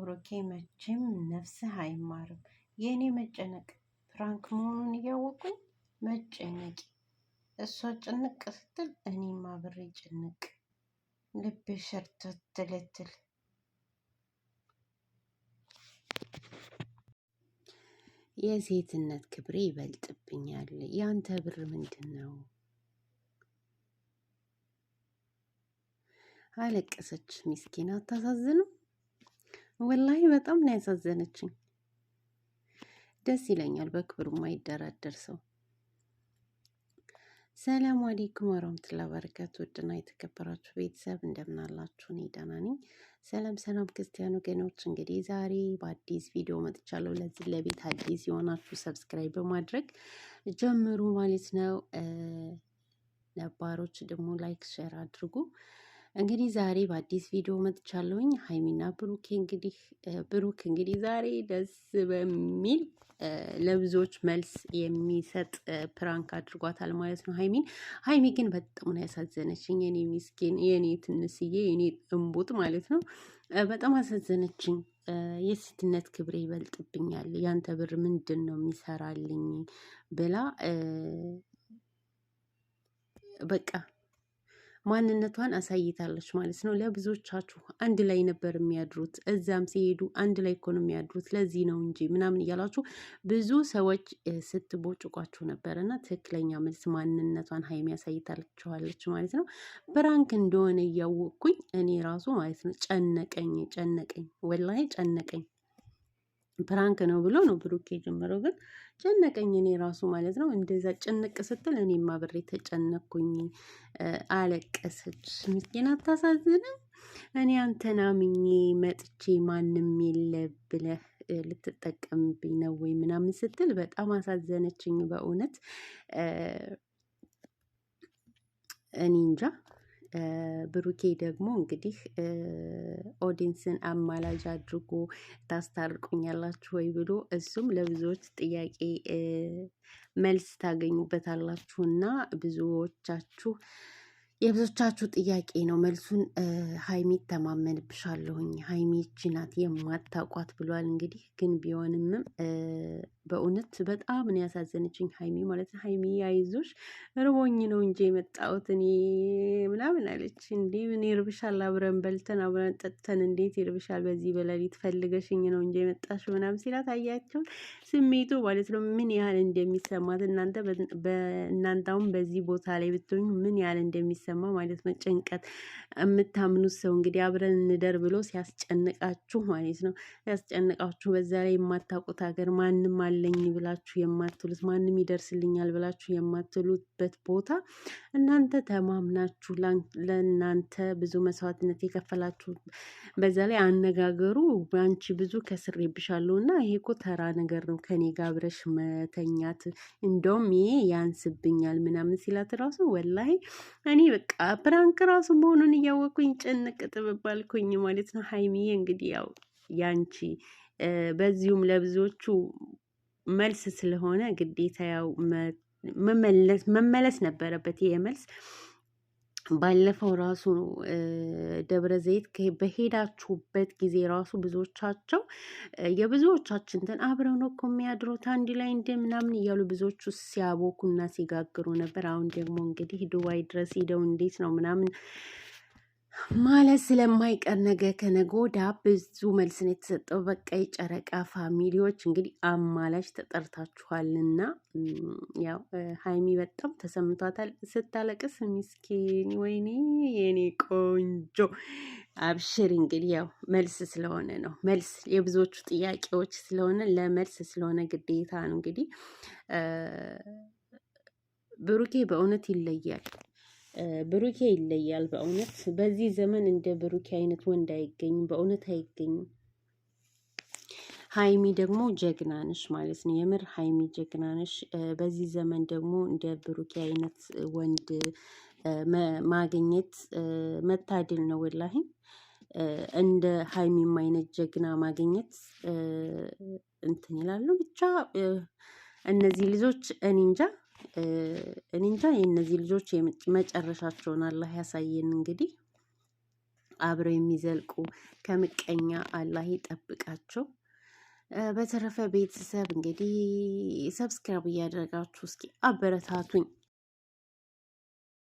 ብሩኬ መቼም ነፍስህ አይማርም። የእኔ መጨነቅ ፍራንክ መሆኑን እያወቁኝ መጨነቂ እሷ ጭንቅ ስትል እኔ ማብሬ ጭንቅ ልብ ሸርተት የሴትነት ክብሬ ይበልጥብኛል። ያንተ ብር ምንድን ነው? አለቀሰች ምስኪን። አታሳዝንም? ወላሂ በጣም ነው ያሳዘነችኝ። ደስ ይለኛል በክብሩ ማይደራደር ሰው። ሰላም አሌይኩም ወረምትላ በረከቱ። ውድና የተከበራችሁ ቤተሰብ እንደምናላችሁ አላችሁ? እኔ ደህና ነኝ። ሰላም ሰላም ክርስቲያን ወገኖች፣ እንግዲህ ዛሬ በአዲስ ቪዲዮ መጥቻለሁ። ለዚህ ለቤት አዲስ የሆናችሁ ሰብስክራይብ በማድረግ ጀምሩ ማለት ነው። ነባሮች ደግሞ ላይክ ሼር አድርጉ። እንግዲህ ዛሬ በአዲስ ቪዲዮ መጥቻለሁኝ። ሀይሚና ብሩክ እንግዲህ ብሩክ እንግዲህ ዛሬ ደስ በሚል ለብዙዎች መልስ የሚሰጥ ፕራንክ አድርጓታል ማለት ነው ሀይሚን። ሀይሚ ግን በጣም ነው ያሳዘነችኝ፣ የኔ ሚስኪን፣ የኔ ትንስዬ፣ የኔ እምቡጥ ማለት ነው። በጣም አሳዘነችኝ። የሴትነት ክብሬ ይበልጥብኛል፣ ያንተ ብር ምንድን ነው የሚሰራልኝ ብላ በቃ ማንነቷን አሳይታለች ማለት ነው። ለብዙዎቻችሁ አንድ ላይ ነበር የሚያድሩት፣ እዛም ሲሄዱ አንድ ላይ እኮ ነው የሚያድሩት፣ ለዚህ ነው እንጂ ምናምን እያላችሁ ብዙ ሰዎች ስትቦጭቋችሁ ነበር እና ትክክለኛ መልስ ማንነቷን ሀይሚ ያሳይታችኋለች ማለት ነው። ብራንክ እንደሆነ እያወቅኩኝ እኔ ራሱ ማለት ነው ጨነቀኝ ጨነቀኝ፣ ወላሂ ጨነቀኝ። ፕራንክ ነው ብሎ ነው ብሩክ የጀመረው። ግን ጨነቀኝ እኔ ራሱ ማለት ነው። እንደዛ ጭንቅ ስትል እኔም አብሬ ተጨነኩኝ አለቀሰች። ምስኪን አታሳዝንም? እኔ አንተን አምኜ መጥቼ ማንም የለ ብለህ ልትጠቀምብኝ ነው ወይ ምናምን ስትል በጣም አሳዘነችኝ በእውነት እኔ እንጃ። ብሩኬ ደግሞ እንግዲህ ኦዲንስን አማላጅ አድርጎ ታስታርቁኛላችሁ ወይ ብሎ እሱም ለብዙዎች ጥያቄ መልስ እና ብዙዎቻችሁ የብዙቻችሁ ጥያቄ ነው። መልሱን ሀይሚ ተማመንብሻለሁኝ፣ ሀይሚ ይቺ ናት የማታውቋት ብሏል። እንግዲህ ግን ቢሆንም በእውነት በጣም ነው ያሳዘነችኝ ሀይሚ ማለት ነው። ሀይሚ አይዞሽ ርቦኝ ነው እንጂ የመጣሁት እኔ ምናምን አለች። እንዲህ ምን ይርብሻል? አብረን በልተን አብረን ጠጥተን እንዴት ይርብሻል? በዚህ በሌሊት ፈልገሽኝ ነው እንጂ የመጣሽ ምናምን ሲላት አያቸውን ስሜቱ ማለት ነው ምን ያህል እንደሚሰማት እናንተ በእናንተ በዚህ ቦታ ላይ ብትሆኝ ምን ያህል እንደሚሰማ የሚሰማ ማለት ነው። ጭንቀት የምታምኑት ሰው እንግዲህ አብረን እንደር ብሎ ሲያስጨንቃችሁ ማለት ነው። ሲያስጨንቃችሁ በዛ ላይ የማታውቁት ሀገር ማንም አለኝ ብላችሁ የማትሉት ማንም ይደርስልኛል ብላችሁ የማትሉበት ቦታ እናንተ ተማምናችሁ ለእናንተ ብዙ መስዋዕትነት የከፈላችሁ በዛ ላይ አነጋገሩ በአንቺ ብዙ ከስሬብሻለሁ እና ይሄ እኮ ተራ ነገር ነው ከኔ ጋር አብረሽ መተኛት እንደውም ይሄ ያንስብኛል ምናምን ሲላት ራሱ ወላሂ እኔ በቃ ፕራንክ ራሱ መሆኑን እያወቅኩኝ ጭንቅ ጥብብ ማለት ነው። ሀይሚዬ እንግዲህ ያው ያንቺ በዚሁም ለብዙዎቹ መልስ ስለሆነ ግዴታ ያው መመለስ ነበረበት ይሄ መልስ ባለፈው ራሱ ደብረ ዘይት በሄዳችሁበት ጊዜ ራሱ ብዙዎቻቸው የብዙዎቻችን እንትን አብረው ነው እኮ የሚያድሩት አንድ ላይ እንደ ምናምን እያሉ ብዙዎቹ ሲያቦኩና ሲጋግሩ ነበር። አሁን ደግሞ እንግዲህ ዱባይ ድረስ ሂደው እንዴት ነው ምናምን ማለት ስለማይቀር ነገ ከነጎዳ ብዙ መልስ የተሰጠው። በቃ የጨረቃ ፋሚሊዎች እንግዲህ አማላች ተጠርታችኋልና ያው ሀይሚ በጣም ተሰምቷታል ስታለቅስ። ምስኪን ወይኔ የኔ ቆንጆ አብሽር። እንግዲህ ያው መልስ ስለሆነ ነው መልስ የብዙዎቹ ጥያቄዎች ስለሆነ ለመልስ ስለሆነ ግዴታ ነው እንግዲህ ብሩኬ በእውነት ይለያል። ብሩኬ ይለያል። በእውነት በዚህ ዘመን እንደ ብሩኬ አይነት ወንድ አይገኝም፣ በእውነት አይገኝም። ሀይሚ ደግሞ ጀግና ነሽ ማለት ነው። የምር ሀይሚ ጀግና ነሽ። በዚህ ዘመን ደግሞ እንደ ብሩኬ አይነት ወንድ ማግኘት መታደል ነው። ወላሂ እንደ ሀይሚም አይነት ጀግና ማግኘት እንትን ይላሉ። ብቻ እነዚህ ልጆች እኔ እንጃ እኔ እንጃ የእነዚህ ልጆች መጨረሻቸውን አላህ ያሳየን። እንግዲህ አብረው የሚዘልቁ ከምቀኛ አላህ ይጠብቃቸው። በተረፈ ቤተሰብ እንግዲህ ሰብስክራይብ እያደረጋችሁ እስኪ አበረታቱኝ።